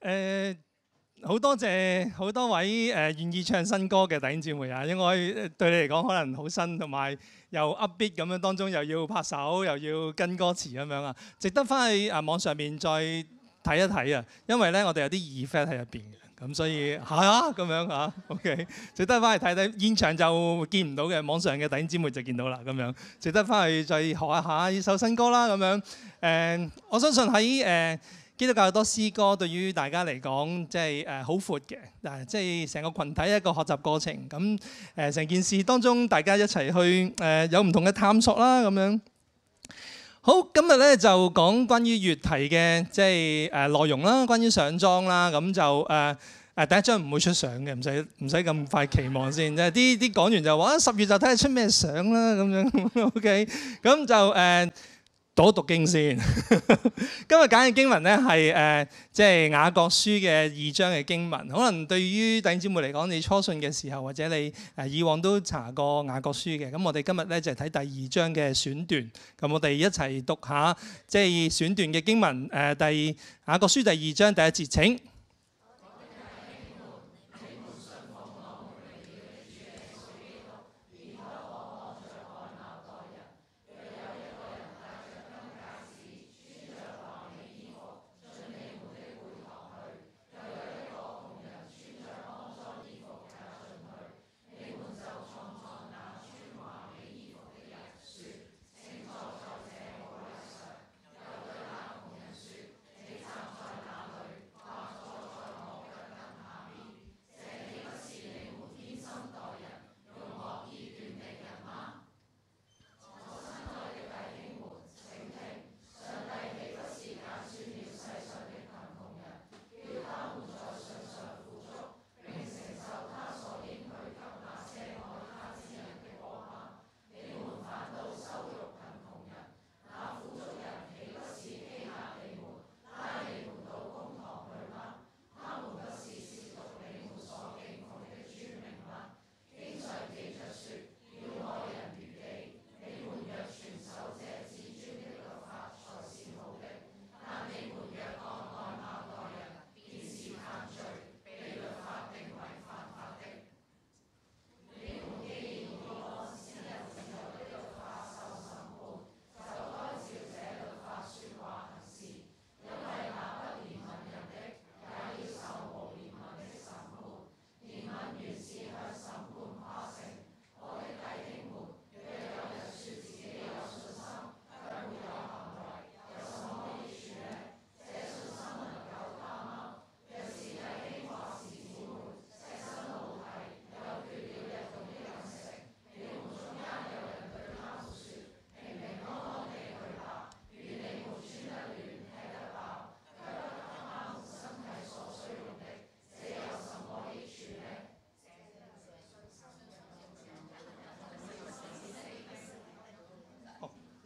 誒、呃、好多謝好多位誒、呃、願意唱新歌嘅弟兄姊妹啊！應該對你嚟講可能好新，同埋又 upbeat 咁樣，當中又要拍手，又要跟歌詞咁樣啊，看看啊，啊，啊，啊，啊！值得翻去啊網上面再睇一睇啊！因為咧我哋有啲 effect 喺入邊嘅，咁所以嚇咁樣嚇，OK？值得翻去睇睇，現場就見唔到嘅，網上嘅弟兄姊妹就見到啦，咁樣值得翻去再學一下呢首新歌啦，咁樣誒、啊，我相信喺誒。呃基督教好多詩歌，對於大家嚟講，即係誒好闊嘅，嗱，即係成個群體一個學習過程。咁誒，成、呃、件事當中，大家一齊去誒、呃，有唔同嘅探索啦，咁樣。好，今日咧就講關於月題嘅，即係誒內容啦，關於上莊啦，咁就誒誒第一張唔會出相嘅，唔使唔使咁快期望先，即係啲啲講完就話十、啊、月就睇下出咩相啦，咁樣。O K，咁就誒。呃多讀，讀經先。今日揀嘅經文咧係誒，即係雅各書嘅二章嘅經文。可能對於弟兄姊妹嚟講，你初信嘅時候或者你誒以往都查過雅各書嘅。咁我哋今日咧就係睇第二章嘅選段。咁我哋一齊讀下即係選段嘅經文。誒，第雅各書第二章第一節。請。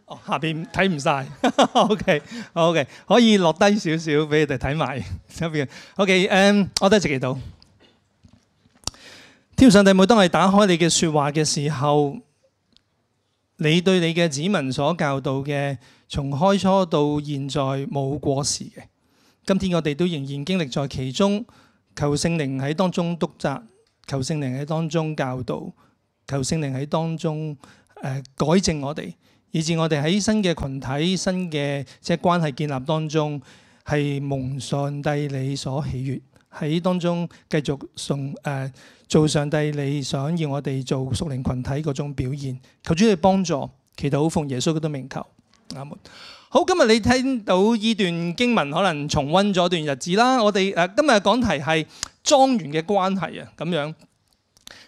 哦、下邊睇唔晒，OK，OK，可以落低少少俾你哋睇埋。下 邊，OK，誒、um,，我都接接到。天父上帝，每當我打開你嘅說話嘅時候，你對你嘅子民所教導嘅，從開初到現在冇過時嘅。今天我哋都仍然經歷在其中，求聖靈喺當中督責，求聖靈喺當中教導，求聖靈喺當中誒、呃、改正我哋。以至我哋喺新嘅群體、新嘅即係關係建立當中，係蒙上帝你所喜悅，喺當中繼續從誒、呃、做上帝你想要我哋做屬靈群體嗰種表現。求主你幫助，祈禱奉耶穌基督名求。阿門。好，今日你聽到依段經文，可能重溫咗段日子啦。我哋誒、呃、今日講題係莊員嘅關係啊，咁樣。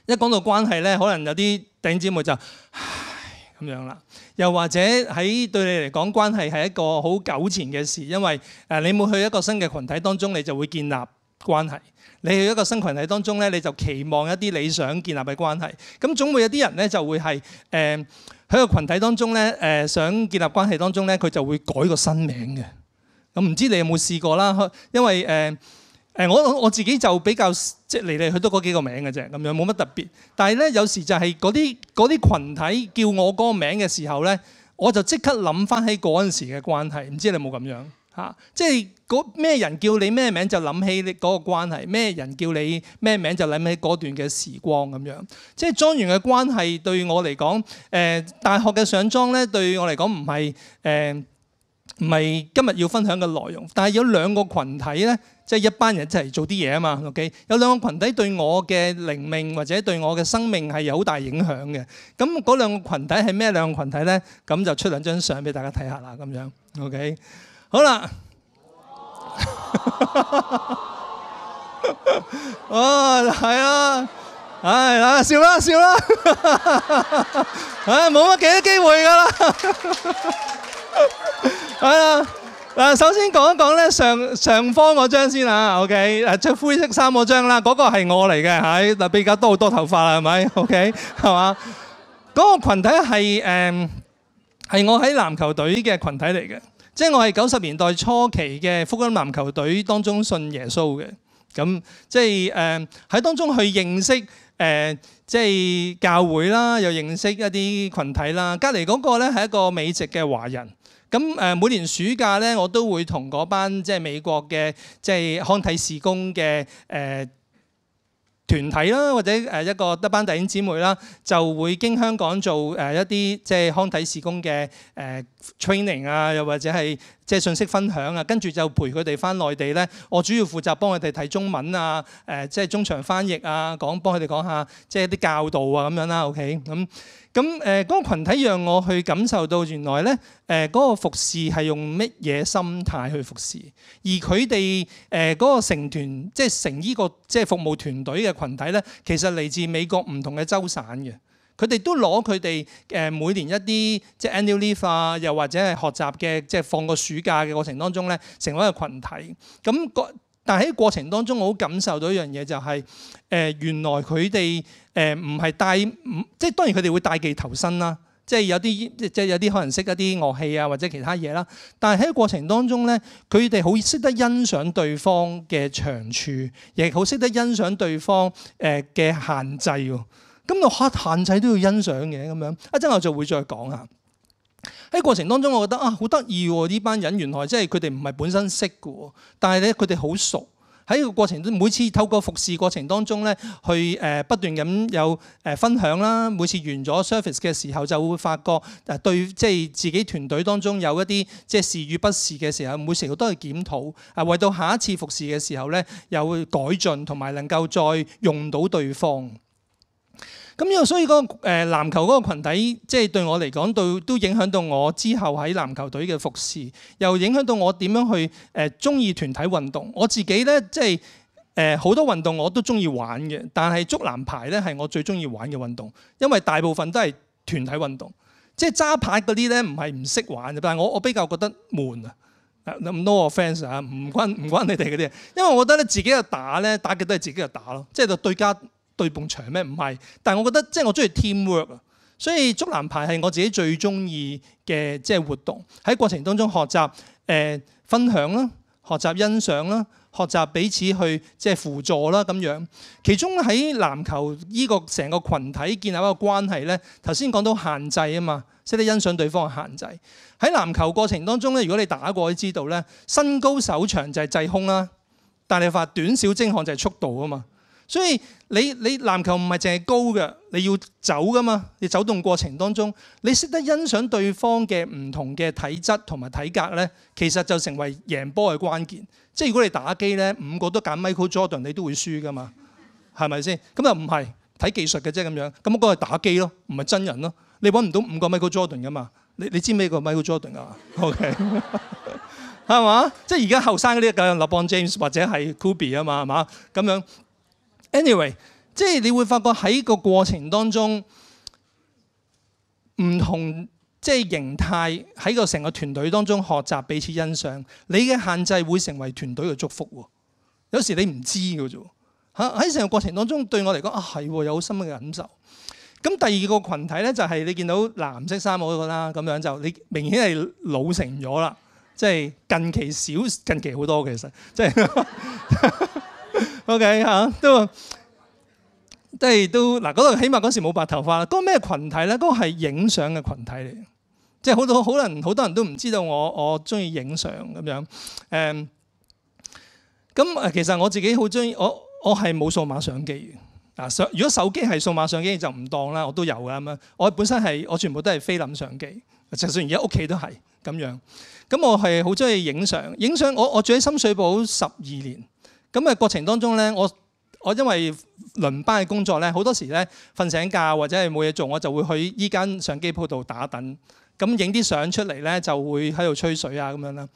一講到關係咧，可能有啲弟兄姊妹就～咁樣啦，又或者喺對你嚟講關係係一個好久前嘅事，因為誒你每去一個新嘅群體當中，你就會建立關係。你去一個新群體當中咧，你就期望一啲你想建立嘅關係。咁總會有啲人咧就會係誒喺個群體當中咧，誒、呃、想建立關係當中咧，佢就會改個新名嘅。咁唔知你有冇試過啦？因為誒。呃誒我我自己就比較即係嚟嚟去都嗰幾個名嘅啫，咁樣冇乜特別。但係咧，有時就係嗰啲嗰啲羣體叫我嗰個名嘅時候咧，我就即刻諗翻起嗰陣時嘅關係。唔知你有冇咁樣嚇？即係嗰咩人叫你咩名就諗起你嗰個關係，咩人叫你咩名就諗起嗰段嘅時光咁樣。即係莊園嘅關係對我嚟講，誒、呃、大學嘅上莊咧對我嚟講唔係誒唔係今日要分享嘅內容，但係有兩個群體咧。即係一班人一齊做啲嘢啊嘛，OK？有兩個群體對我嘅靈命或者對我嘅生命係有好大影響嘅。咁嗰兩個群體係咩兩個群體咧？咁就出兩張相俾大家睇下啦，咁樣 OK？好啦，哦係啊，唉，笑啦笑啦，唉，冇乜幾多機會噶啦，係啊。嗱，首先講一講咧，上上方嗰張先啦。OK，誒着灰色衫嗰張啦，嗰、那個係我嚟嘅嚇。嗱、哎，比較多好多頭髮啦，係咪？OK，係嘛？嗰、那個羣體係誒、呃、我喺籃球隊嘅群體嚟嘅，即、就、係、是、我係九十年代初期嘅福音籃球隊當中信耶穌嘅。咁即係誒喺當中去認識誒，即、呃、係、就是、教會啦，又認識一啲群體啦。隔離嗰個咧係一個美籍嘅華人。咁誒每年暑假咧，我都會同嗰班即係美國嘅即係康體事工嘅誒團體啦，或者誒一個一班弟兄姊妹啦，就會經香港做誒一啲即係康體事工嘅誒 training 啊，又或者係即係信息分享啊，跟住就陪佢哋翻內地咧。我主要負責幫佢哋睇中文啊，誒即係中長翻譯啊，講幫佢哋講下即係一啲教導啊咁樣啦。OK，咁。咁、誒、嗰個群體讓我去感受到原來咧誒嗰個服侍係用乜嘢心態去服侍，而佢哋誒嗰個成團即係、即係、成呢個即係服務團隊嘅群體咧，其實嚟自美國唔同嘅州省嘅，佢哋都攞佢哋每年一啲即係 annual leave 啊，又或者係學習嘅即係放個暑假嘅過程當中咧，成為一個群體。咁但喺過程當中，當中我好感受到一樣嘢就係、係、原來佢哋。誒唔係帶唔即係當然佢哋會帶技投身啦，即係有啲即係有啲可能識一啲樂器啊或者其他嘢啦。但係喺過程當中咧，佢哋好識得欣賞對方嘅長處，亦好識得欣賞對方誒嘅限制喎。咁就學限制都要欣賞嘅咁樣。一陣我就會再講下。喺過程當中，我覺得啊好得意喎！呢班人原來即係佢哋唔係本身識嘅，但係咧佢哋好熟。喺個過程中，每次透過服侍過程當中咧，去誒不斷咁有誒分享啦。每次完咗 service 嘅時候，就會發覺誒對即係自己團隊當中有一啲即係是與不是嘅時候，每成日都去檢討，係為到下一次服侍嘅時候咧，又會改進同埋能夠再用到對方。咁又所以嗰個誒籃球嗰個羣體，即係對我嚟講，到都影響到我之後喺籃球隊嘅服侍，又影響到我點樣去誒中意團體運動。我自己咧，即係誒好多運動我都中意玩嘅，但係足籃排咧係我最中意玩嘅運動，因為大部分都係團體運動，即係揸牌嗰啲咧唔係唔識玩，但係我我比較覺得悶啊！no offense 啊，唔關唔關你哋嗰啲，因為我覺得咧自己嘅打咧打嘅都係自己嘅打咯，即係就對家。對碰場咩？唔係，但係我覺得即係我中意 teamwork 啊，所以足籃排係我自己最中意嘅即係活動。喺過程當中學習誒、呃、分享啦，學習欣賞啦，學習彼此去即係輔助啦咁樣。其中喺籃球依、這個成個群體建立一個關係呢，頭先講到限制啊嘛，識得欣賞對方嘅限制。喺籃球過程當中呢，如果你打過都知道呢，身高手長就係制空啦，但係發短小精悍就係速度啊嘛。所以你你籃球唔係淨係高嘅，你要走噶嘛？你走動過程當中，你識得欣賞對方嘅唔同嘅體質同埋體格咧，其實就成為贏波嘅關鍵。即係如果你打機咧，五個都揀 Michael Jordan，你都會輸噶嘛？係咪先？咁啊唔係睇技術嘅啫咁樣。咁嗰個係打機咯，唔係真人咯。你揾唔到五個 Michael Jordan 噶嘛？你你知咩個 Michael Jordan 啊？OK 係 嘛？ 即係而家後生嗰啲嘅 LeBron James 或者係 Kobe 啊嘛？係嘛？咁樣。Anyway，即係你會發覺喺個過程當中，唔同即係形態喺個成個團隊當中學習彼此欣賞，你嘅限制會成為團隊嘅祝福喎。有時你唔知㗎咋。喺喺成個過程當中，對我嚟講啊係有好深嘅感受。咁第二個群體咧就係、是、你見到藍色衫嗰個啦，咁樣就你明顯係老成咗啦。即係近期少，近期好多其實即係。 OK 吓都都係都嗱，嗰、那、度、個、起碼嗰時冇白頭髮啦。嗰、那個咩群體咧？嗰、那個係影相嘅群體嚟，即係好多好人，好多人都唔知道我我中意影相咁樣。誒、嗯，咁誒，其實我自己好中意，我我係冇數碼相機嘅。啊，如果手機係數碼相機就唔當啦，我都有㗎咁樣。我本身係我全部都係菲林相機，就算而家屋企都係咁樣。咁我係好中意影相，影相我我住喺深水埗十二年。咁誒過程當中咧，我我因為輪班嘅工作咧，好多時咧瞓醒覺或者係冇嘢做，我就會去依間相機鋪度打躉。咁影啲相出嚟咧，就會喺度吹水啊咁樣啦。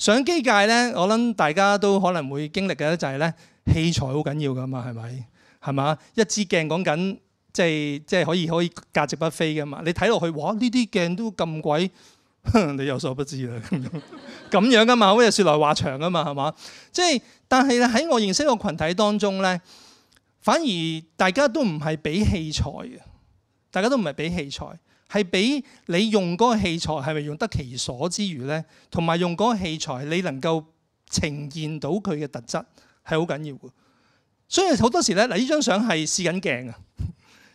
相機界咧，我諗大家都可能會經歷嘅咧、就是，就係咧，器材好緊要噶嘛，係咪？係嘛？一支鏡講緊，即係即係可以可以價值不菲噶嘛。你睇落去，哇！呢啲鏡都咁鬼。 你有所不知啦，咁樣噶嘛，好似説來話長啊嘛，係嘛？即係，但係咧喺我認識個群體當中咧，反而大家都唔係畀器材嘅，大家都唔係畀器材，係畀你用嗰個器材係咪用得其所之餘咧，同埋用嗰個器材你能夠呈現到佢嘅特質係好緊要嘅。所以好多時咧，嗱呢張相係試緊鏡啊，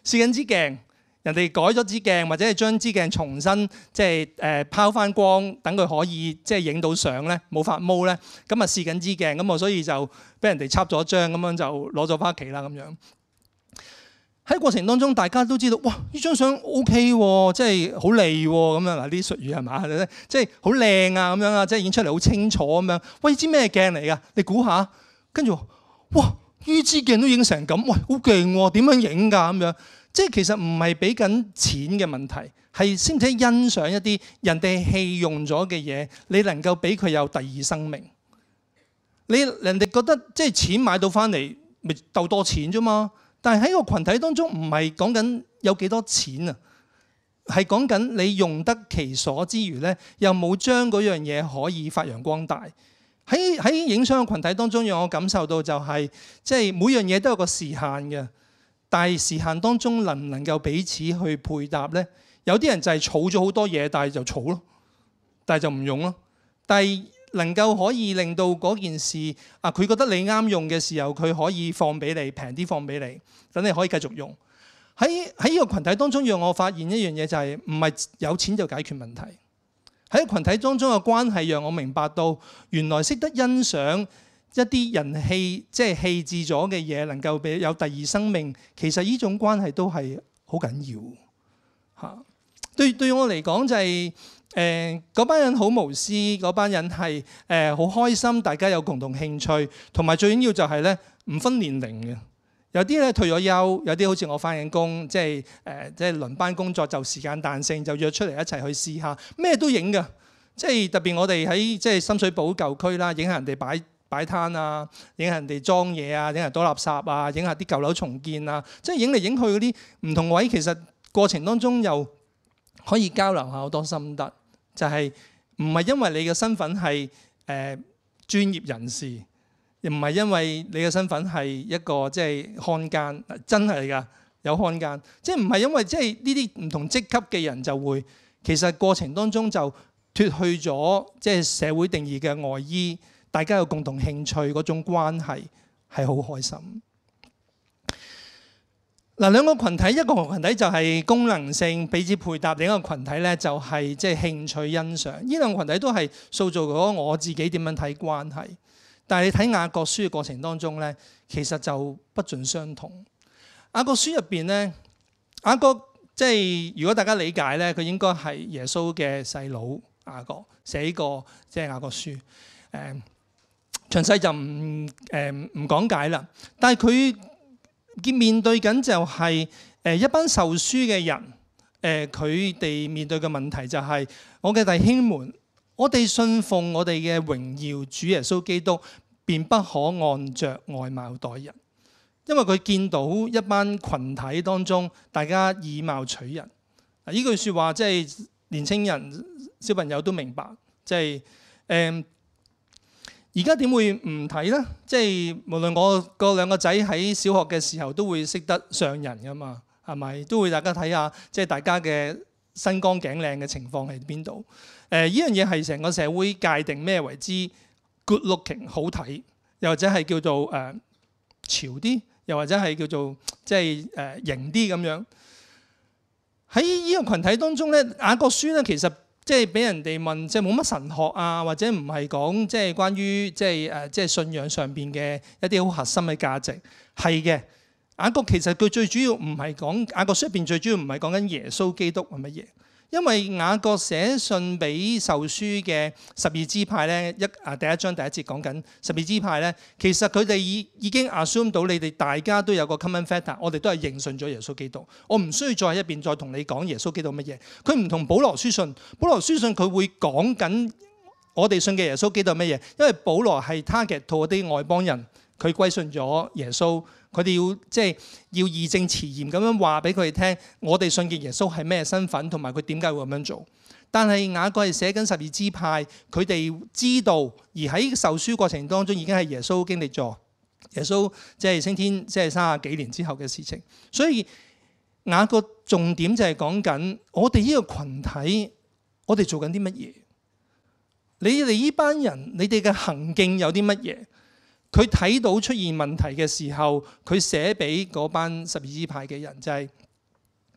試緊支鏡。人哋改咗支鏡，或者係將支鏡重新即係誒拋翻光，等佢可以即係影到相咧，冇發毛咧。咁啊試緊支鏡咁啊，所以就俾人哋插咗張咁樣就攞咗翻屋企啦咁樣。喺過程當中，大家都知道哇！呢張相 OK 喎，即係好利喎咁樣嗱啲術語係嘛？即係好靚啊咁樣啊，即係影出嚟好清楚咁樣。喂，支咩鏡嚟噶？你估下？跟住話哇，呢支鏡都影成咁，喂，好勁喎！點樣影㗎咁樣？即係其實唔係俾緊錢嘅問題，係識唔識欣賞一啲人哋棄用咗嘅嘢，你能夠俾佢有第二生命。你人哋覺得即係錢買到翻嚟，咪鬥多錢啫嘛。但係喺個群體當中不是，唔係講緊有幾多錢啊，係講緊你用得其所之餘呢，又冇將嗰樣嘢可以發揚光大。喺喺影相嘅群體當中，讓我感受到就係、是，即係每樣嘢都有個時限嘅。但係時限當中能唔能夠彼此去配搭呢？有啲人就係儲咗好多嘢，但係就儲咯，但係就唔用咯。但係能夠可以令到嗰件事啊，佢覺得你啱用嘅時候，佢可以放俾你平啲放俾你，等你，你可以繼續用。喺喺呢個群體當中，讓我發現一樣嘢就係唔係有錢就解決問題。喺群體當中嘅關係，讓我明白到原來識得欣賞。一啲人氣即係棄置咗嘅嘢，能夠俾有第二生命，其實呢種關係都係好緊要嚇。對，對我嚟講就係呃、嗰班人好無私，嗰班人係呃、好開心，大家有共同興趣，同埋最緊要就係咧，唔分年齡嘅。有啲咧退咗休，有啲好似我翻緊工，即係呃、即係輪班工作，就時間彈性，就約出嚟一齊去試下咩都影㗎。即係特別我哋喺即係深水埗舊區啦，影下人哋擺。擺攤啊，影人哋裝嘢啊，影人倒垃圾啊，影下啲舊樓重建啊，即係影嚟影去嗰啲唔同位，其實過程當中又可以交流下好多心得。就係唔係因為你嘅身份係誒、呃、專業人士，亦唔係因為你嘅身份係一個即係、就是、看更，真係㗎有看更，即係唔係因為即係呢啲唔同職級嘅人就會，其實過程當中就脫去咗即係社會定義嘅外衣。大家有共同興趣嗰種關係係好開心。嗱，兩個群體，一個群體就係功能性彼此配搭，另一個群體咧就係即係興趣欣賞。呢兩個群體都係塑造咗我自己點樣睇關係。但係你睇雅各書嘅過程當中咧，其實就不盡相同。雅各書入邊咧，雅各即係如果大家理解咧，佢應該係耶穌嘅細佬雅各寫過即係雅各書，誒、嗯。詳細就唔誒唔講解啦。但係佢見面對緊就係、是、誒、呃、一班受書嘅人，誒佢哋面對嘅問題就係、是：我嘅弟兄們，我哋信奉我哋嘅榮耀主耶穌基督，便不可按着外貌待人。因為佢見到一班群體當中，大家以貌取人。呢句説話即係年青人、小朋友都明白，即係誒。呃而家點會唔睇呢？即係無論我個兩個仔喺小學嘅時候都會識得上人噶嘛，係咪都會大家睇下，即係大家嘅身光頸靚嘅情況喺邊度？呢、呃、呢樣嘢係成個社會界定咩為之 good-looking 好睇，又或者係叫做誒、呃、潮啲，又或者係叫做即係誒、呃、型啲咁樣。喺呢個群體當中呢，雅各書呢其實。即係俾人哋問，即係冇乜神學啊，或者唔係講即係關於即係誒、啊、即係信仰上邊嘅一啲好核心嘅價值，係嘅。雅各其實佢最主要唔係講雅各書入邊最主要唔係講緊耶穌基督係乜嘢。因為雅各寫信俾受書嘅十二支派咧，一啊第一章第一節講緊十二支派咧，其實佢哋已已經 assume 到你哋大家都有個 common factor，我哋都係認信咗耶穌基督，我唔需要在一邊再一邊再同你講耶穌基督乜嘢。佢唔同保羅書信，保羅書信佢會講緊我哋信嘅耶穌基督係乜嘢，因為保羅係 target 到啲外邦人，佢歸信咗耶穌。佢哋要即係、就是、要義正辭嚴咁樣話俾佢哋聽，我哋信嘅耶穌係咩身份，同埋佢點解會咁樣做？但係雅各係寫緊十二支派，佢哋知道而喺受書過程當中已經係耶穌經歷咗耶穌即係升天，即、就、係、是、三十幾年之後嘅事情。所以雅各重點就係講緊我哋呢個群體，我哋做緊啲乜嘢？你哋呢班人，你哋嘅行徑有啲乜嘢？佢睇到出現問題嘅時候，佢寫俾嗰班十二支派嘅人就係、是：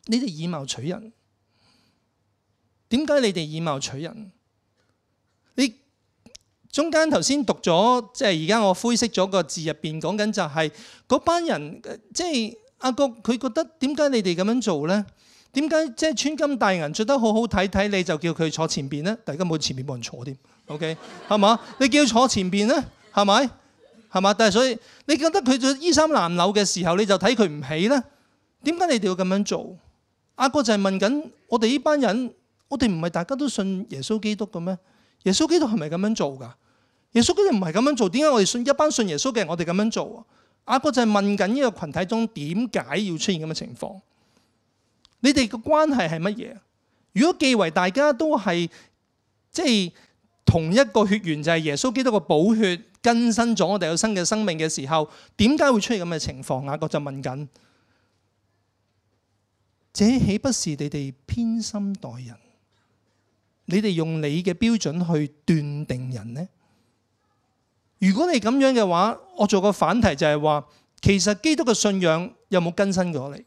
你哋以貌取人，點解你哋以貌取人？你中間頭先讀咗，即係而家我灰色咗個字入邊講緊就係、是、嗰班人，即係雅各佢覺得點解你哋咁樣做咧？點解即係穿金戴銀着得好好睇睇，你就叫佢坐前邊咧？大家冇前面冇人坐添，OK 係 嘛？你叫佢坐前邊咧，係咪？係嘛？但係所以，你覺得佢做衣衫襤褸嘅時候，你就睇佢唔起咧？點解你哋要咁樣做？阿哥就係問緊我哋呢班人，我哋唔係大家都信耶穌基督嘅咩？耶穌基督係咪咁樣做噶？耶穌基督唔係咁樣做，點解我哋信一班信耶穌嘅人，我哋咁樣做啊？阿哥就係問緊呢個群體中點解要出現咁嘅情況？你哋嘅關係係乜嘢？如果既為大家都係即係同一個血緣，就係耶穌基督嘅寶血。更新咗我哋有新嘅生命嘅時候，點解會出現咁嘅情況？雅各就問緊：這豈不是你哋偏心待人？你哋用你嘅標準去斷定人呢？如果你咁樣嘅話，我做個反題就係話，其實基督嘅信仰有冇更新過你？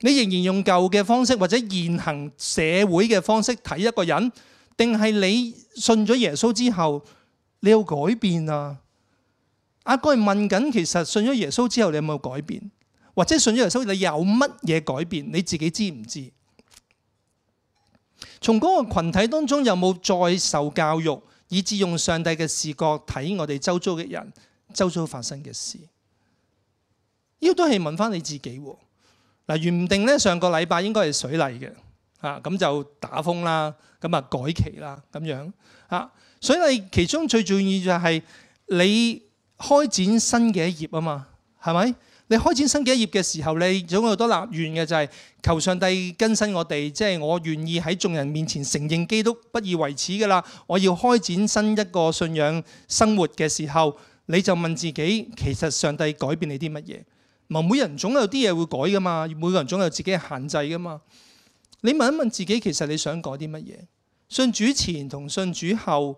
你仍然用舊嘅方式或者現行社會嘅方式睇一個人，定係你信咗耶穌之後？你有改變啊？阿哥係問緊，其實信咗耶穌之後，你有冇改變？或者信咗耶穌，你有乜嘢改變？你自己知唔知？從嗰個群體當中，有冇再受教育，以至用上帝嘅視角睇我哋周遭嘅人、周遭發生嘅事？呢都係問翻你自己喎。嗱，原定咧上個禮拜應該係水禮嘅，啊咁就打風啦，咁啊改期啦，咁樣所以，其中最重要就係你開展新嘅一頁啊嘛，係咪？你開展新嘅一頁嘅時候，你總有好多立願嘅，就係求上帝更新我哋，即係我願意喺眾人面前承認基督，不以為恥噶啦。我要開展新一個信仰生活嘅時候，你就問自己，其實上帝改變你啲乜嘢？每人總有啲嘢會改噶嘛，每個人總有自己嘅限制噶嘛。你問一問自己，其實你想改啲乜嘢？信主前同信主後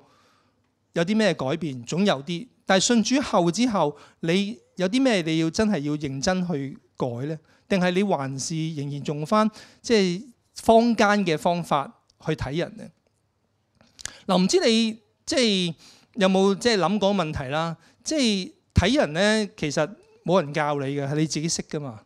有啲咩改變？總有啲，但係信主後之後，你有啲咩你要真係要認真去改呢？定係你還是仍然用翻即係坊間嘅方法去睇人呢？嗱，唔知你即係有冇即係諗過問題啦？即係睇人呢，其實冇人教你嘅，係你自己識噶嘛。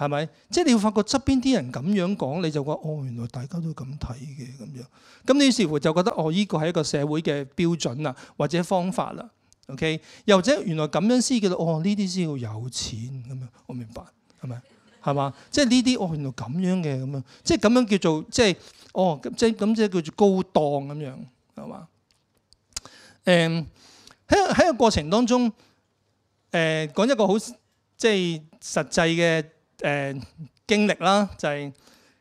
係咪？即係你會發覺側邊啲人咁樣講，你就話哦，原來大家都咁睇嘅咁樣。咁你似乎就覺得哦，呢個係一個社會嘅標準啦，或者方法啦。OK，又或者原來咁樣先叫做哦，呢啲先叫有錢咁樣。我明白係咪？係嘛？即係呢啲哦，原來咁樣嘅咁樣。即係咁樣叫做即係哦，即係咁即係叫做高檔咁樣係嘛？誒，喺喺個過程當中，誒、呃、講一個好即係實際嘅。誒、呃、經歷啦，就係、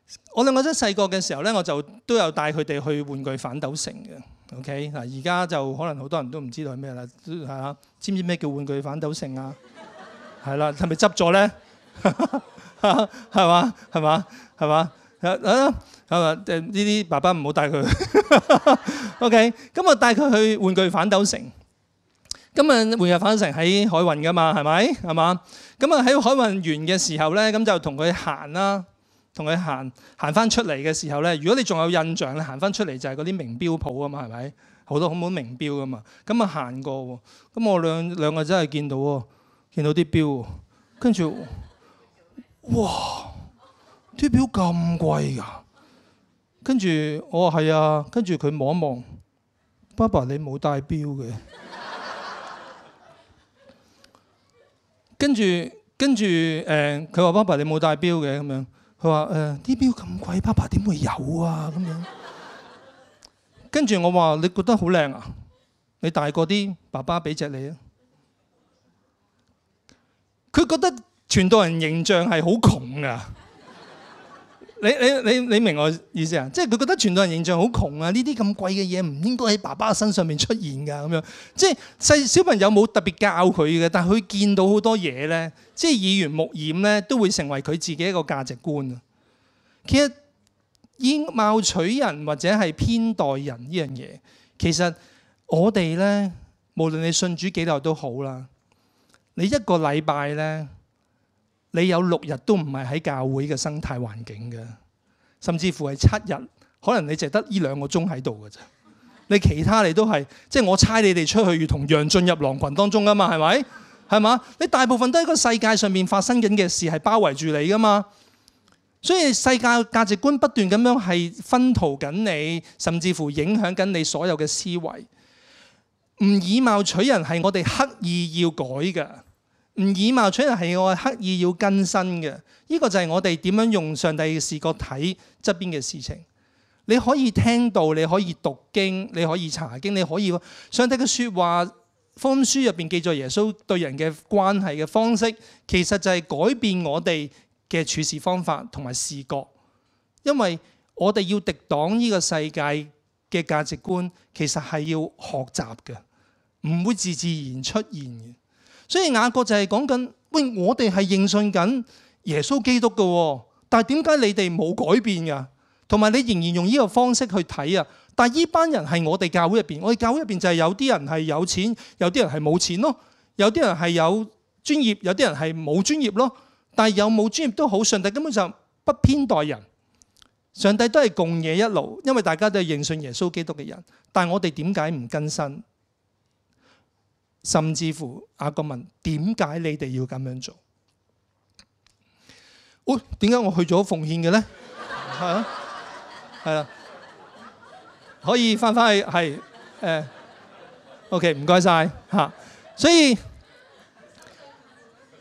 是、我兩個仔細個嘅時候咧，我就都有帶佢哋去玩具反斗城嘅。OK 嗱，而家就可能好多人都唔知道係咩啦，係啊，知唔知咩叫玩具反斗城啊？係 啦，係咪執咗咧？係嘛？係嘛？係嘛？啊啊啊！誒呢啲爸爸唔好帶佢。 OK，咁我帶佢去玩具反斗城。今日換日返城喺海運噶嘛，係咪？係嘛？咁啊，喺海運完嘅時候咧，咁就同佢行啦，同佢行行翻出嚟嘅時候咧，如果你仲有印象咧，行翻出嚟就係嗰啲名錶鋪啊嘛，係咪？好多好好名錶噶嘛？咁啊，行過喎，咁我兩兩個真係見到喎，見到啲錶，跟住哇，啲錶咁貴㗎，跟住我話係啊，跟住佢望一望，爸爸你冇戴錶嘅。跟住跟住誒，佢，欸、話爸爸你冇戴錶嘅咁樣。佢話誒啲錶咁貴，爸爸點會有啊咁樣？ 跟住我話你覺得好靚啊，你大個啲，爸爸俾隻你啊。佢覺得傳道人形象係好窮㗎。你你你你明我意思啊？即係佢覺得全代人形象好窮啊！呢啲咁貴嘅嘢唔應該喺爸爸的身上面出現㗎咁樣。即係細小朋友冇特別教佢嘅，但係佢見到好多嘢咧，即係耳濡目染咧，都會成為佢自己一個價值觀啊。其實以貌取人或者係偏待人呢樣嘢，其實我哋咧，無論你信主幾耐都好啦，你一個禮拜咧。你有六日都唔係喺教會嘅生態環境嘅，甚至乎係七日，可能你淨得呢兩個鐘喺度嘅啫。你其他你都係，即係我猜你哋出去，如同羊進入狼群當中噶嘛，係咪？係嘛？你大部分都喺個世界上面發生緊嘅事係包圍住你噶嘛，所以世界價值觀不斷咁樣係熏陶緊你，甚至乎影響緊你所有嘅思維。唔以貌取人係我哋刻意要改嘅。唔以貌取人係我刻意要更新嘅，呢個就係我哋點樣用上帝嘅視覺睇側邊嘅事情。你可以聽到，你可以讀經，你可以查經，你可以上帝嘅説話，福音書入邊記載耶穌對人嘅關係嘅方式，其實就係改變我哋嘅處事方法同埋視覺。因為我哋要敵擋呢個世界嘅價值觀，其實係要學習嘅，唔會自自然出現嘅。所以雅各就係講緊，喂，我哋係認信緊耶穌基督嘅，但點解你哋冇改變㗎？同埋你仍然用呢個方式去睇啊！但呢依班人係我哋教會入面，我哋教會入面就係有啲人係有錢，有啲人係冇錢咯，有啲人係有專業，有啲人係冇專業咯。但係有冇專業都好，上帝根本就不偏待人，上帝都係共野一路，因為大家都係認信耶穌基督嘅人。但係我哋點解唔更新？甚至乎阿各問：點解你哋要咁樣做？喂、哦，點解我去咗奉獻嘅咧？係 啊，係啦、啊，可以翻返去係誒、啊。OK，唔該晒。啊」嚇。所以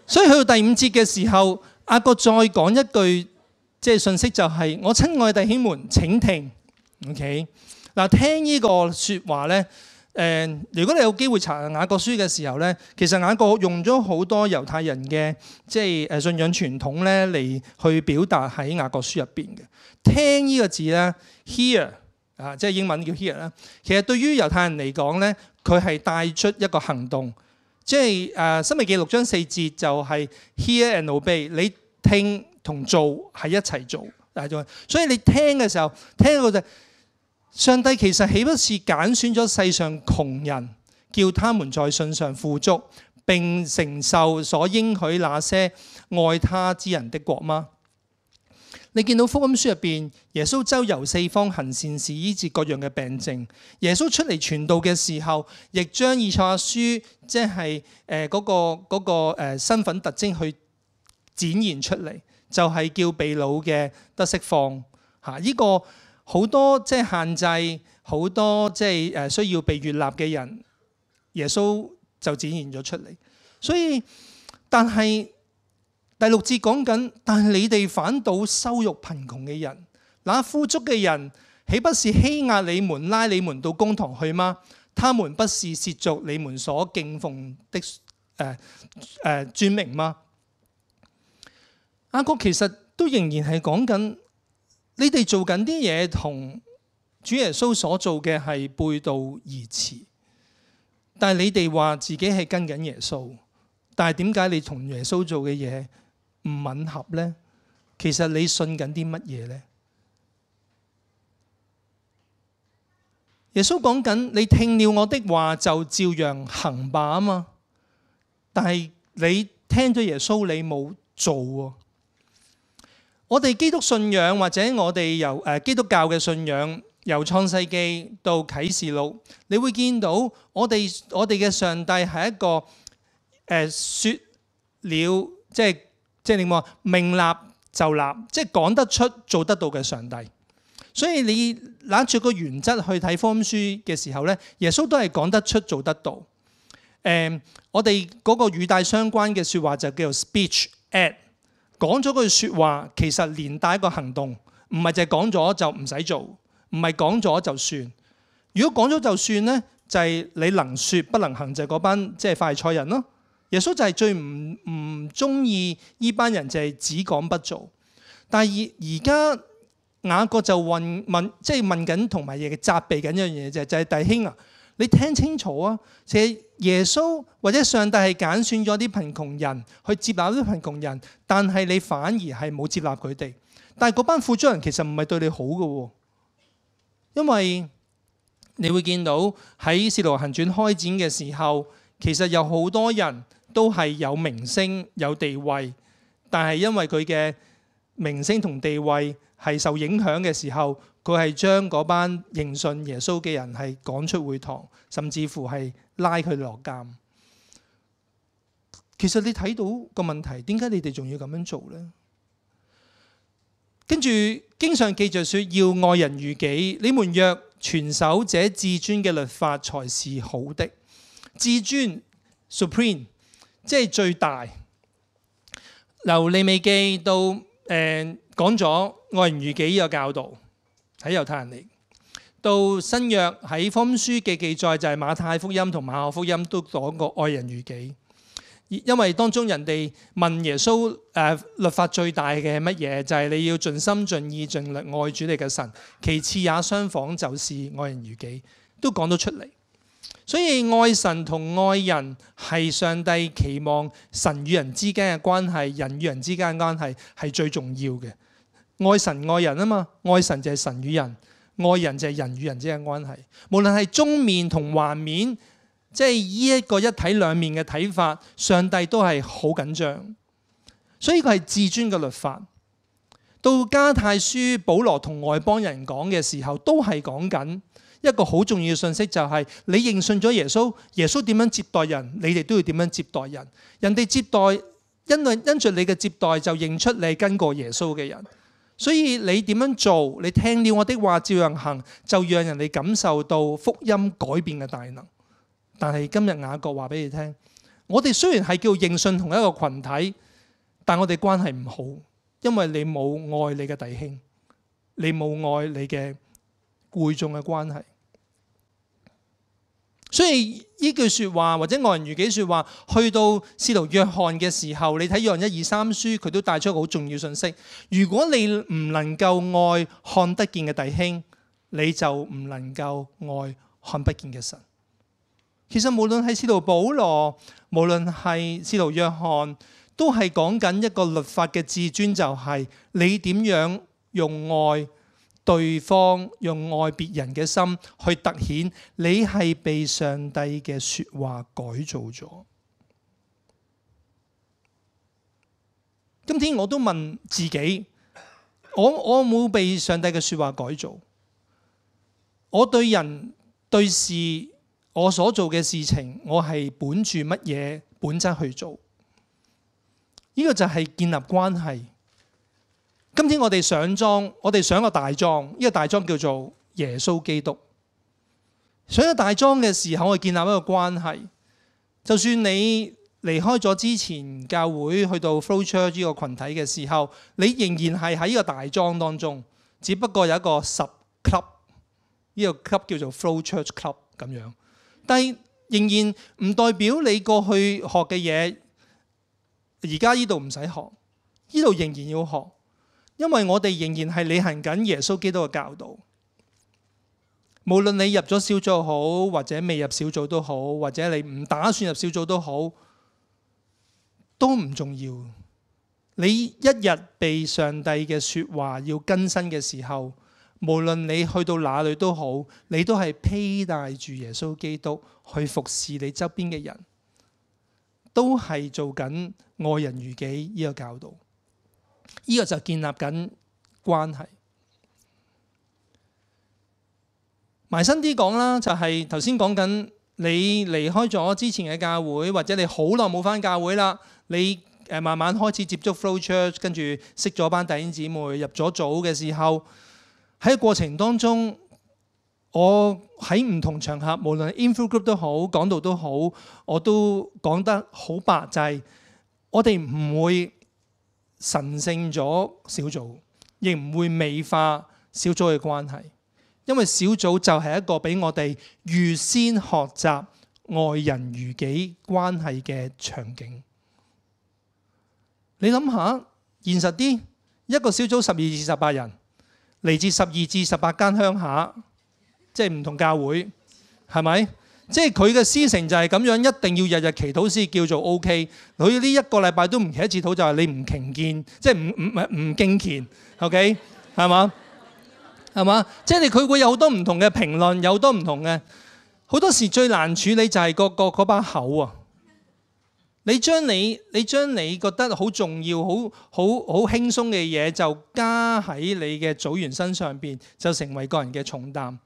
所以去到第五節嘅時候，阿各再講一句即係、就是、信息、就是，就係我親愛弟兄們，請聽。OK，嗱，聽呢個説話咧。誒，如果你有機會查雅各書嘅時候咧，其實雅各用咗好多猶太人嘅即係誒信仰傳統咧嚟去表達喺雅各書入邊嘅。聽呢個字咧，hear 啊，即係英文叫 hear 啦。其實對於猶太人嚟講咧，佢係帶出一個行動，即係誒申命記六章四節就係 hear and obey。你聽同做係一齊做，係做。所以你聽嘅時候，聽到就。上帝其實豈不是揀選咗世上窮人，叫他們在信上富足，並承受所應許那些愛他之人的國嗎？你見到福音書入面，耶穌周遊四方行善事，醫治各樣嘅病症。耶穌出嚟傳道嘅時候，亦將以賽亞書即係誒嗰個身份特徵去展現出嚟，就係、是、叫被擄嘅得釋放。吓！呢個好多即係限制，好多即係誒需要被悅納嘅人，耶穌就展現咗出嚟。所以，但係第六節講緊，但係你哋反倒羞辱貧窮嘅人，那富足嘅人，豈不是欺壓你們、拉你們到公堂去嗎？他們不是褻瀆你們所敬奉的誒誒、呃呃、尊名嗎？阿哥其實都仍然係講緊。你哋做緊啲嘢，同主耶穌所做嘅係背道而馳，但係你哋話自己係跟緊耶穌，但係點解你同耶穌做嘅嘢唔吻合呢？其實你信緊啲乜嘢呢？耶穌講緊你聽，了我的話就照樣行吧啊嘛，但係你聽咗耶穌，你冇做喎，啊。我哋基督信仰或者我哋由誒、呃、基督教嘅信仰由創世記到啟示錄，你會見到我哋我哋嘅上帝係一個誒説、呃、了即係即係你話命立就立，即係講得出做得到嘅上帝。所以你攬住個原則去睇福音書嘅時候咧，耶穌都係講得出做得到。誒、呃，我哋嗰個語帶相關嘅説話就叫做 speech act。講咗句説話，其實連帶一個行動，唔係就係講咗就唔使做，唔係講咗就算。如果講咗就算呢，就係你能説不能行，就係嗰班即係快菜人咯。耶穌就係最唔唔中意依班人，就係只講不做。但而而家雅各就問問，即係問緊同埋嘢嘅責備緊一樣嘢，就係就係弟兄啊，你聽清楚啊，耶穌或者上帝係揀選咗啲貧窮人去接納啲貧窮人，但係你反而係冇接納佢哋。但係嗰班富足人其實唔係對你好嘅喎，因為你會見到喺《四路行傳》開展嘅時候，其實有好多人都係有明星有地位，但係因為佢嘅明星同地位係受影響嘅時候。佢係將嗰班認信耶穌嘅人係趕出會堂，甚至乎係拉佢落監。其實你睇到個問題，點解你哋仲要咁樣做呢？跟住經常記著說要愛人如己。你們若全守這至尊嘅律法，才是好的。至尊 supreme 即係最大。嗱，利未記到誒講咗愛人如己呢個教導。喺猶太人嚟，到新約喺福音書嘅記載就係馬太福音同馬可福音都講過愛人如己。因為當中人哋問耶穌誒律法最大嘅係乜嘢，就係、是、你要盡心盡意盡力愛主你嘅神，其次也相仿就是愛人如己，都講到出嚟。所以愛神同愛人係上帝期望神與人之間嘅關係，人與人之間嘅關係係最重要嘅。愛神愛人啊嘛，愛神就係神與人，愛人就係人與人之間關係。無論係縱面同橫面，即係依一個一體兩面嘅睇法，上帝都係好緊張。所以佢係至尊嘅律法。到加拉太書，保羅同外邦人講嘅時候，都係講緊一個好重要嘅信息，就是，就係你認信咗耶穌，耶穌點樣接待人，你哋都要點樣接待人。人哋接待，因為因著你嘅接待，就認出你跟過耶穌嘅人。所以你點樣做？你聽了我的話，照樣行，就讓人哋感受到福音改變嘅大能。但係今日雅各話俾你聽，我哋雖然係叫認信同一個群體，但我哋關係唔好，因為你冇愛你嘅弟兄，你冇愛你嘅會眾嘅關係。所以呢句說話或者愛人如己說話，去到使徒約翰嘅時候，你睇約翰一二三書，佢都帶出一個好重要信息。如果你唔能夠愛看得見嘅弟兄，你就唔能夠愛看不見嘅神。其實無論係使徒保羅，無論係使徒約翰，都係講緊一個律法嘅至尊，就係、是、你點樣用愛。對方用愛別人嘅心去突顯你係被上帝嘅説話改造咗。今天我都問自己我，我、我冇被上帝嘅説話改造。我對人對事，我所做嘅事情，我係本住乜嘢本質去做？呢個就係建立關係。今天我哋上莊，我哋上一個大莊，呢個大莊叫做耶穌基督。上咗大莊嘅時候，我哋建立一個關係。就算你離開咗之前教會，去到 Flow Church 呢個群體嘅時候，你仍然係喺呢個大莊當中，只不過有一個十 club，呢個 club 叫做 Flow Church Club 咁樣。但係仍然唔代表你過去學嘅嘢，而家呢度唔使學，呢度仍然要學。因為我哋仍然係履行緊耶穌基督嘅教導，無論你入咗小組好，或者未入小組都好，或者你唔打算入小組都好，都唔重要。你一日被上帝嘅說話要更新嘅時候，無論你去到哪裏都好，你都係披戴住耶穌基督去服侍你周邊嘅人，都係做緊愛人如己呢個教導。呢、這個就係建立緊關係。埋身啲講啦，就係頭先講緊你離開咗之前嘅教會，或者你好耐冇返教會啦。你誒慢慢開始接觸 flow church，跟住識咗班弟兄姊妹，入咗組嘅時候，喺過程當中，我喺唔同場合，無論 info group 都好，講道都好，我都講得好白，就係、我哋唔會。神聖咗小組，亦唔會美化小組嘅關係，因為小組就係一個俾我哋預先學習愛人如己關係嘅場景。你諗下現實啲，一個小組十二至十八人，嚟自十二至十八間鄉下，即係唔同教會，係咪？即係佢嘅思想就係咁樣，一定要日日祈禱先叫做 O K。佢呢一個禮拜都唔祈一次禱就係你唔虔敬，即係唔唔唔敬虔。O K 係嘛？係嘛？即係佢會有好多唔同嘅評論，有多唔同嘅，好多時最難處理就係個個嗰把口啊！你將你你將你覺得好重要、好好好輕鬆嘅嘢就加喺你嘅組員身上邊，就成為個人嘅重擔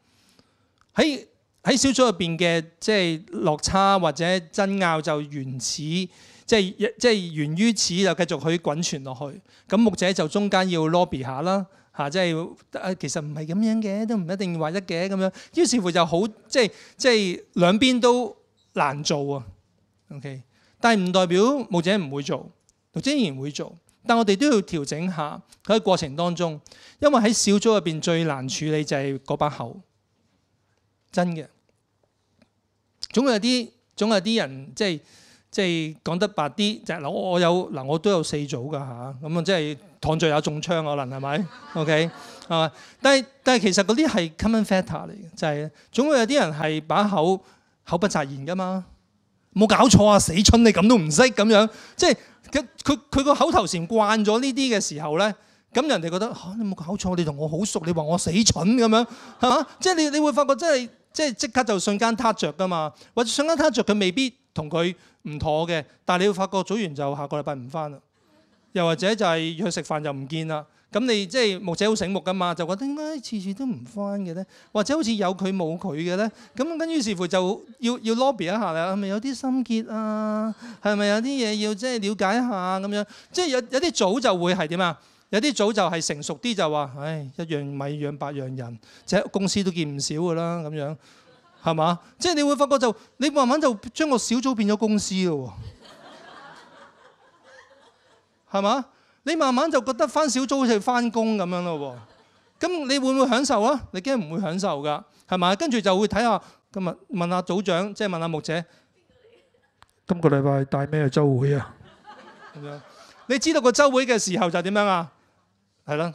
喺。喺小組入邊嘅即係落差或者爭拗就原始，即係即係源於此就繼續可以滾傳落去。咁牧者就中間要 lobby 下啦，嚇，即係啊，其實唔係咁樣嘅，都唔一定話得嘅咁樣。於是乎就好，即係即係兩邊都難做啊。OK，但係唔代表牧者唔會做，牧者依然會做，但我哋都要調整一下喺過程當中，因為喺小組入邊最難處理就係嗰把口。真嘅，總係有啲總有啲人即係即係講得白啲就係、是、嗱我有嗱我都有四組㗎嚇，咁啊即係躺着也中槍可能係咪？OK 係、啊就是、嘛？但係但係其實嗰啲係 common factor 嚟嘅，就係總會有啲人係把口口不擇言㗎嘛，冇搞錯啊！死蠢你咁都唔識咁樣，即係佢佢佢個口頭禪慣咗呢啲嘅時候咧，咁人哋覺得嚇、啊、你冇搞錯，你同我好熟，你話我死蠢咁樣係嘛？即係你你會發覺真係。即係即刻就瞬間撻著噶嘛，或者瞬間撻著佢未必同佢唔妥嘅，但係你要發覺組員就下個禮拜唔翻啦，又或者就係去食飯就唔見啦，咁你即係牧者好醒目噶嘛，就覺得點解次次都唔翻嘅咧？或者好似有佢冇佢嘅咧？咁跟於是乎就要要 lobby 一下啦，係咪有啲心結啊？係咪有啲嘢要即係了解一下咁樣？即係有有啲組就會係點啊？有啲組就係成熟啲，就話：唉、哎，一樣米養百樣，樣人，即係公司都見唔少㗎啦。咁樣係嘛？即係、就是、你會發覺就你慢慢就將個小組變咗公司咯，係嘛？你慢慢就覺得翻小組好似翻工咁樣咯喎。咁你會唔會享受啊？你驚唔會享受㗎？係嘛？跟住就會睇下今日問下組長，即、就、係、是、問下牧者，今個禮拜帶咩去週會啊？咁樣，你知道個週會嘅時候就點樣啊？係啦，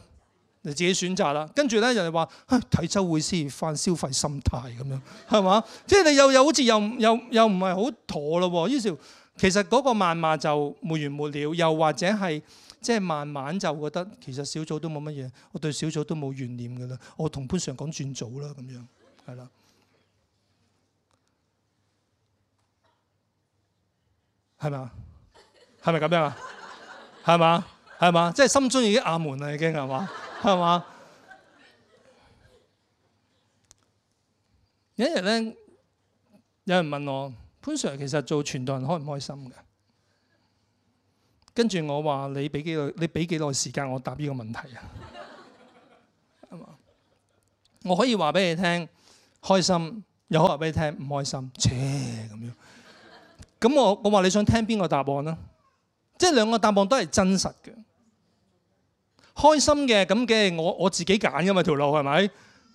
你自己選擇啦。跟住咧，人哋話睇周會先翻消費心態咁樣，係嘛？即 係你又又好似又又又唔係好妥咯喎。於是其實嗰個漫漫就沒完沒了，又或者係即係慢慢就覺得其實小組都冇乜嘢，我對小組都冇怨念嘅啦。我同潘常講轉組啦，咁樣係啦，係嘛？係咪咁樣啊？係嘛？ 係嘛？即係心中已經阿門啦，已經係嘛？係嘛？ 有一日咧，有人問我潘 sir 其實做傳道人開唔開心嘅？跟住我話：你俾幾耐？你俾幾耐時間我答呢個問題啊？係嘛？我可以話俾你聽開心，又可以話俾你聽唔開心，切咁樣。咁我我話你想聽邊個答案啦？即係兩個答案都係真實嘅。開心嘅咁嘅，我我自己揀噶嘛條路係咪？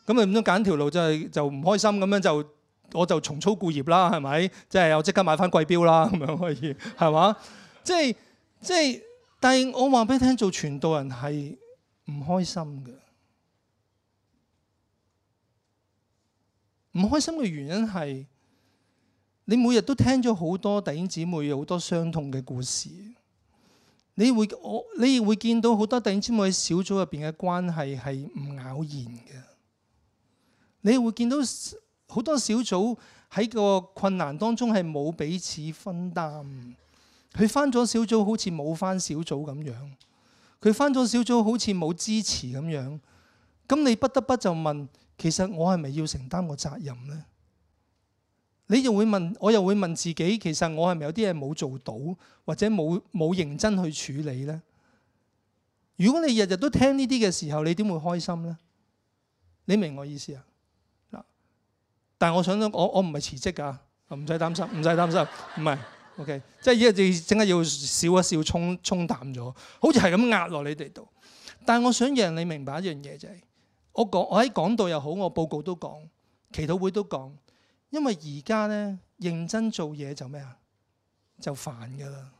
咁啊唔通揀條路就係、是、就唔開心咁樣，就我就重操故業啦，係咪？即係、就是、我即刻買翻貴標啦，咁樣可以係嘛？即係即係，但係我話俾你聽，做傳道人係唔開心嘅。唔開心嘅原因係你每日都聽咗好多弟兄姊妹好多傷痛嘅故事。你會我你會見到好多弟兄姊妹喺小組入邊嘅關係係唔偶然嘅。你會見到好多，多小組喺個困難當中係冇彼此分擔，佢返咗小組好似冇返小組咁樣，佢返咗小組好似冇支持咁樣。咁你不得不就問，其實我係咪要承擔個責任呢？你又會問，我又會問自己，其實我係咪有啲嘢冇做到，或者冇冇認真去處理呢？如果你日日都聽呢啲嘅時候，你點會開心呢？你明我意思啊？但係我想想，我我唔係辭職噶，唔使擔心，唔使擔心，唔係，OK，即係一家淨係要笑一笑，沖沖淡咗，好似係咁壓落你哋度。但係我想讓你明白一樣嘢就係，我講我喺講道又好，我報告都講，祈禱會都講。因為而家咧認真做嘢就咩啊？就煩噶啦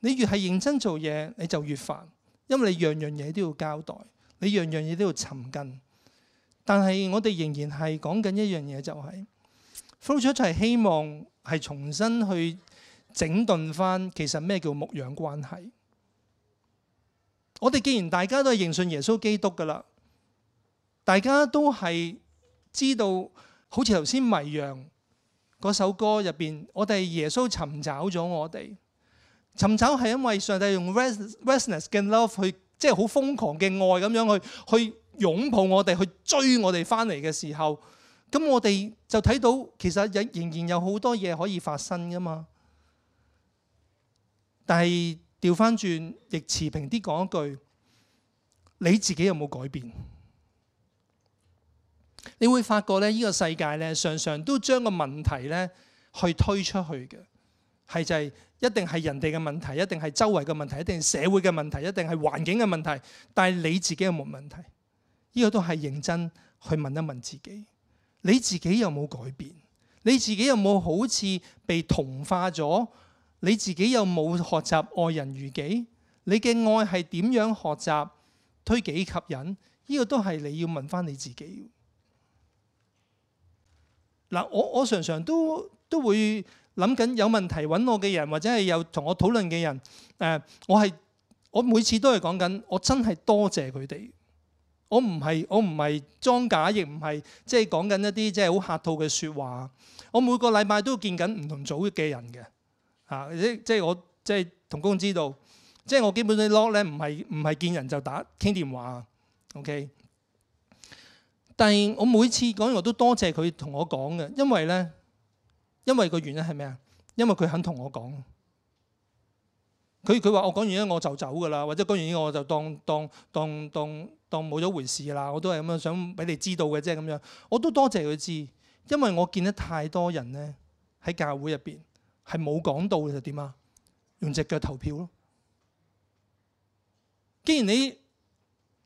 你越係認真做嘢，你就越煩，因為你樣樣嘢都要交代，你樣樣嘢都要尋根。但係我哋仍然係講緊一樣嘢，就是，就係 flow 就係希望係重新去整頓翻，其實咩叫牧養關係？我哋既然大家都係認信耶穌基督噶啦，大家都係知道。好似頭先《迷羊》嗰首歌入邊，我哋耶穌尋找咗我哋，尋找係因為上帝用 restlessness 嘅 love 去，即係好瘋狂嘅愛咁樣去去擁抱我哋，去追我哋翻嚟嘅時候，咁我哋就睇到其實仍然有好多嘢可以發生噶嘛。但係調翻轉，亦持平啲講一句，你自己有冇改變？你會發覺咧，呢個世界咧，常常都將個問題咧去推出去嘅，係就係一定係人哋嘅問題，一定係周圍嘅問題，一定係社會嘅問題，一定係環境嘅問題。但係你自己有冇問題？呢個都係認真去問一問自己。你自己有冇改變？你自己有冇好似被同化咗？你自己有冇學習愛人如己？你嘅愛係點樣學習？推己及人？呢個都係你要問翻你自己。嗱，我我常常都都會諗緊有問題揾我嘅人，或者係有同我討論嘅人，誒、呃，我係我每次都係講緊，我真係多謝佢哋，我唔係我唔係裝假，亦唔係即係講緊一啲即係好客套嘅説話。我每個禮拜都會見緊唔同組嘅人嘅，啊，即我即係我即係同工知道，即係我基本上 log 咧，唔係唔係見人就打傾電話，OK。但係我每次講嘢我都多謝佢同我講嘅，因為呢，因為個原因係咩啊？因為佢肯同我講。佢佢話，我講完呢我就走噶啦，或者講完呢我就當當當當當冇咗回事啦。我都係咁樣想俾你知道嘅啫，咁樣。我都多謝佢知，因為我見得太多人呢，喺教會入邊係冇講到嘅，就點啊？用隻腳投票咯。既然你，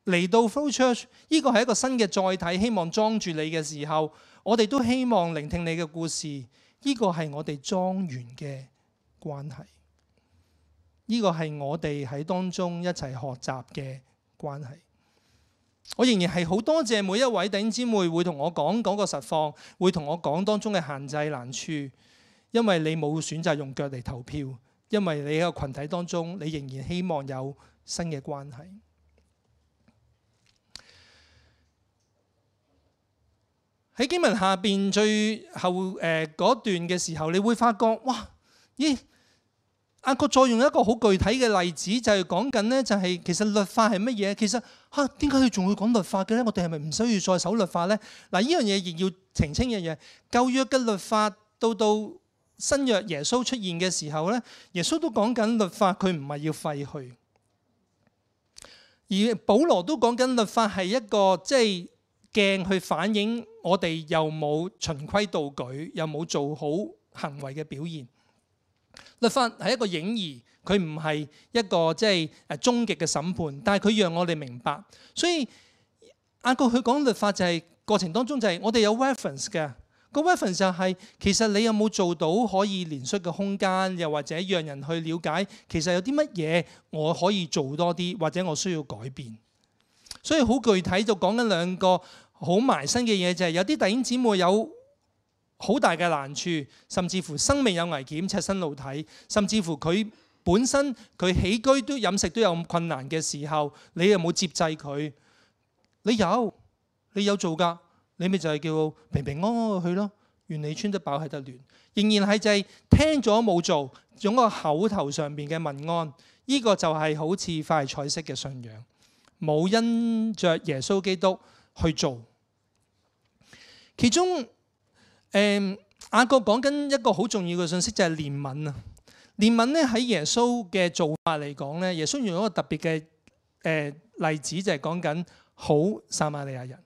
嚟到 flow church，依個係一個新嘅載體，希望裝住你嘅時候，我哋都希望聆聽你嘅故事。呢、這個係我哋莊員嘅關係，呢、這個係我哋喺當中一齊學習嘅關係。我仍然係好多謝每一位弟兄姊妹會同我講嗰個實況，會同我講當中嘅限制難處，因為你冇選擇用腳嚟投票，因為你喺個群體當中，你仍然希望有新嘅關係。喺經文下邊最後誒嗰、呃、段嘅時候，你會發覺哇！咦？阿、啊、雅各再用一個好具體嘅例子，就係講緊呢，就係其實律法係乜嘢？其實嚇點解佢仲會講律法嘅呢？我哋係咪唔需要再守律法呢？嗱、啊，呢樣嘢亦要澄清嘅嘢。舊約嘅律法到到新約耶穌出現嘅時候呢，耶穌都講緊律法佢唔係要廢去，而保羅都講緊律法係一個即係。就是鏡去反映我哋又冇循規蹈矩，又冇做好行為嘅表現。律法係一個影兒，佢唔係一個即係終極嘅審判，但係佢讓我哋明白。所以雅各佢講律法就係、是、過程當中就係我哋有 reference 嘅個 reference 就係、是、其實你有冇做到可以連率嘅空間，又或者讓人去了解其實有啲乜嘢我可以做多啲，或者我需要改變。所以好具體就講緊兩個好埋身嘅嘢，就係有啲弟兄姊妹有好大嘅難處，甚至乎生命有危險、赤身露體，甚至乎佢本身佢起居都飲食都有咁困難嘅時候，你又冇接濟佢？你有，你有做㗎，你咪就係叫平平安安去咯，願你穿得飽、係得暖，仍然係就係聽咗冇做，用個口頭上面嘅問安，呢個就係好似快餐式嘅信仰。冇因着耶穌基督去做，其中誒雅各講緊一個好重要嘅信息就係憐憫啊！憐憫咧，喺耶穌嘅做法嚟講咧，耶穌用一個特別嘅誒例子就係講緊好撒瑪利亞人。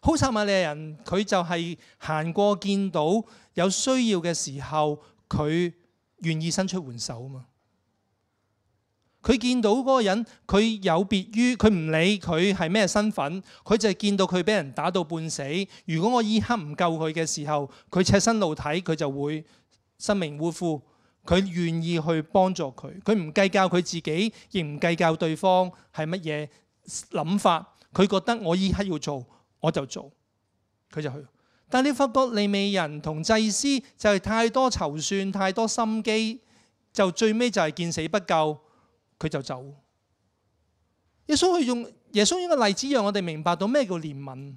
好撒瑪利亞人佢就係行過見到有需要嘅時候，佢願意伸出援手啊嘛。佢見到嗰個人，佢有別於佢唔理佢係咩身份，佢就係見到佢俾人打到半死。如果我依刻唔救佢嘅時候，佢赤身露體，佢就會生命嗚呼。佢願意去幫助佢，佢唔計較佢自己，亦唔計較對方係乜嘢諗法。佢覺得我依刻要做，我就做，佢就去。但你發覺，利未人同祭司就係太多籌算，太多心機，就最尾就係見死不救。佢就走。耶穌佢用耶穌呢個例子，讓我哋明白到咩叫憐憫。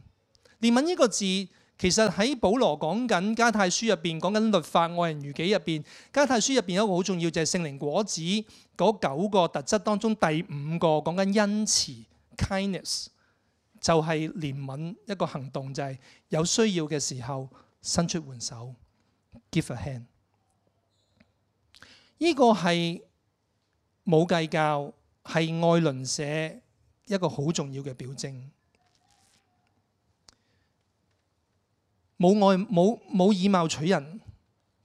憐憫呢個字，其實喺保羅講緊加拉太書入邊，講緊律法愛人如己入邊。加拉太書入邊有一個好重要，就係聖靈果子嗰九個特質當中第五個，講緊恩慈 （kindness），就係憐憫一個行動，就係有需要嘅時候伸出援手 （give a hand）。呢個係。冇計較係愛鄰舍一個好重要嘅表徵，冇外冇冇以貌取人，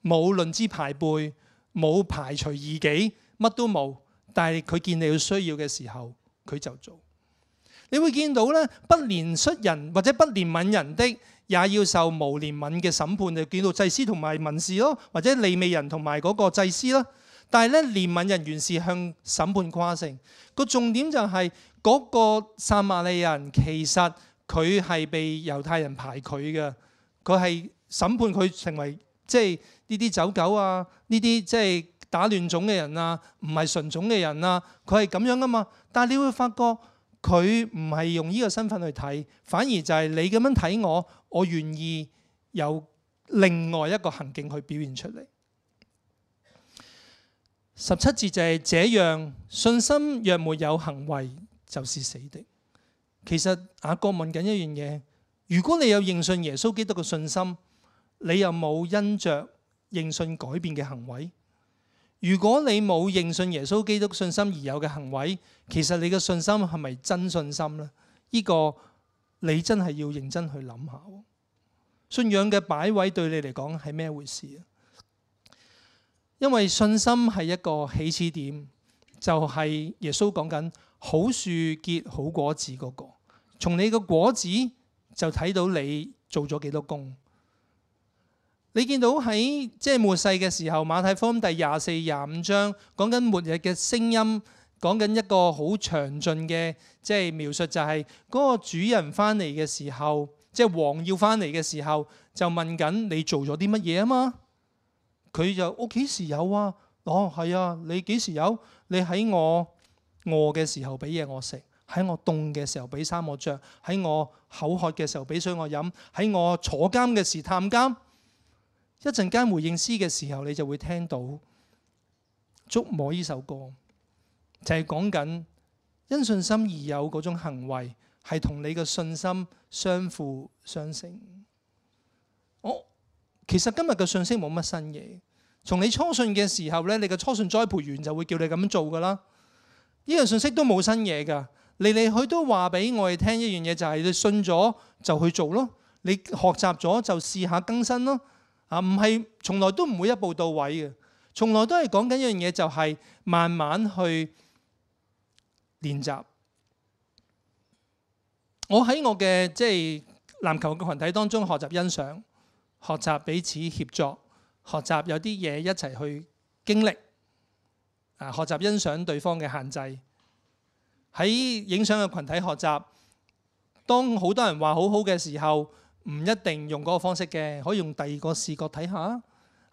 冇論資排輩，冇排除異己，乜都冇。但係佢見你有需要嘅時候，佢就做。你會見到呢，不憐恤人或者不憐憫人的，也要受無憐憫嘅審判。就見到祭司同埋文士咯，或者利未人同埋嗰個祭司啦。但係咧，憐憫人原是向審判誇勝。個重點就係嗰個撒瑪利人其實佢係被猶太人排拒嘅，佢係審判佢成為即係呢啲走狗啊，呢啲即係打亂種嘅人啊，唔係純種嘅人啊，佢係咁樣噶嘛。但係你會發覺佢唔係用呢個身份去睇，反而就係你咁樣睇我，我願意有另外一個行徑去表現出嚟。十七字就係、是、這樣，信心若沒有行為，就是死的。其實雅各、啊、問緊一樣嘢：如果你有認信耶穌基督嘅信心，你又冇因着認信改變嘅行為；如果你冇認信耶穌基督信心而有嘅行為，其實你嘅信心係咪真信心呢？呢、呢個你真係要認真去諗下。信仰嘅擺位對你嚟講係咩回事？因為信心係一個起始點，就係、是、耶穌講緊好樹結好果子嗰、那個，從你個果子就睇到你做咗幾多功。你見到喺即係末世嘅時候，馬太福音第廿四、廿五章講緊末日嘅聲音，講緊一個好詳盡嘅即係描述，就係、是、嗰個主人翻嚟嘅時候，即、就、係、是、王要翻嚟嘅時候，就問緊你做咗啲乜嘢啊嘛。佢就我幾時有啊？哦，係啊！你幾時有？你喺我餓嘅時候俾嘢我食，喺我凍嘅時候俾衫我着，喺我口渴嘅時候俾水我飲，喺我坐監嘅時探監。一陣間回應詩嘅時候你就會聽到觸摸呢首歌，就係講緊因信心而有嗰種行為，係同你嘅信心相輔相成。哦。其實今日嘅信息冇乜新嘢，從你初信嘅時候呢，你嘅初信栽培員就會叫你咁做噶啦。呢個信息都冇新嘢噶，嚟嚟去都話俾我哋聽一樣嘢，就係你信咗就去做咯，你學習咗就試下更新咯。啊，唔係從來都唔會一步到位嘅，從來都係講緊一樣嘢，就係慢慢去練習。我喺我嘅即係籃球嘅群體當中學習欣賞。學習彼此協作，學習有啲嘢一齊去經歷，啊，學習欣賞對方嘅限制，喺影相嘅群體學習。當好多人話好好嘅時候，唔一定用嗰個方式嘅，可以用第二個視角睇下。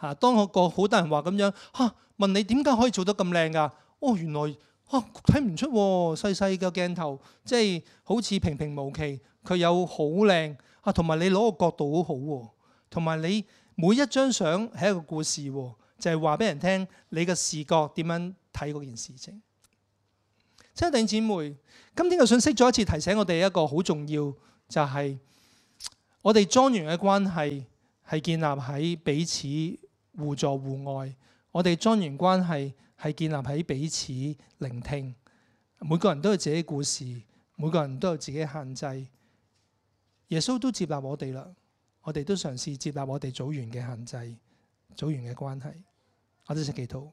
嚇，當個好多人話咁樣嚇、啊，問你點解可以做得咁靚噶？哦，原來睇唔、啊、出細細嘅鏡頭，即、就、係、是、好似平平無奇。佢有好靚啊，同埋你攞個角度好好喎。同埋你每一張相係一個故事喎，就係話俾人聽你嘅視覺點樣睇嗰件事情。真係弟兄姊妹，今天嘅信息再一次提醒我哋一個好重要，就係、是、我哋莊員嘅關係係建立喺彼此互助互愛。我哋莊員關係係建立喺彼此聆聽。每個人都有自己嘅故事，每個人都有自己嘅限制。耶穌都接納我哋啦。我哋都嘗試接納我哋莊員嘅限制、莊員嘅關係。我都食祈禱。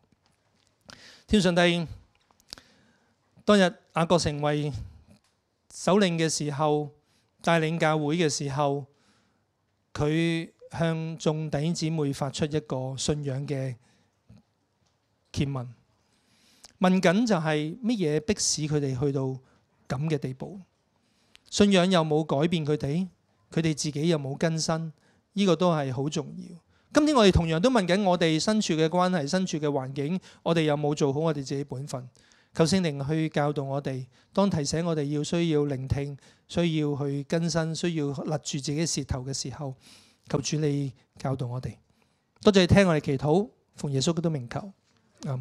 天父上帝，當日雅各成為首領嘅時候，帶領教會嘅時候，佢向眾弟兄姊妹發出一個信仰嘅詰問。問緊就係乜嘢逼使佢哋去到咁嘅地步？信仰又沒有冇改變佢哋？佢哋自己又冇更新，呢個都係好重要。今天我哋同樣都問緊我哋身處嘅關係、身處嘅環境，我哋有冇做好我哋自己本分。求聖靈去教導我哋，當提醒我哋要需要聆聽、需要去更新、需要勒住自己舌頭嘅時候，求主你教導我哋。多謝聽我哋祈禱，奉耶穌基督名求，阿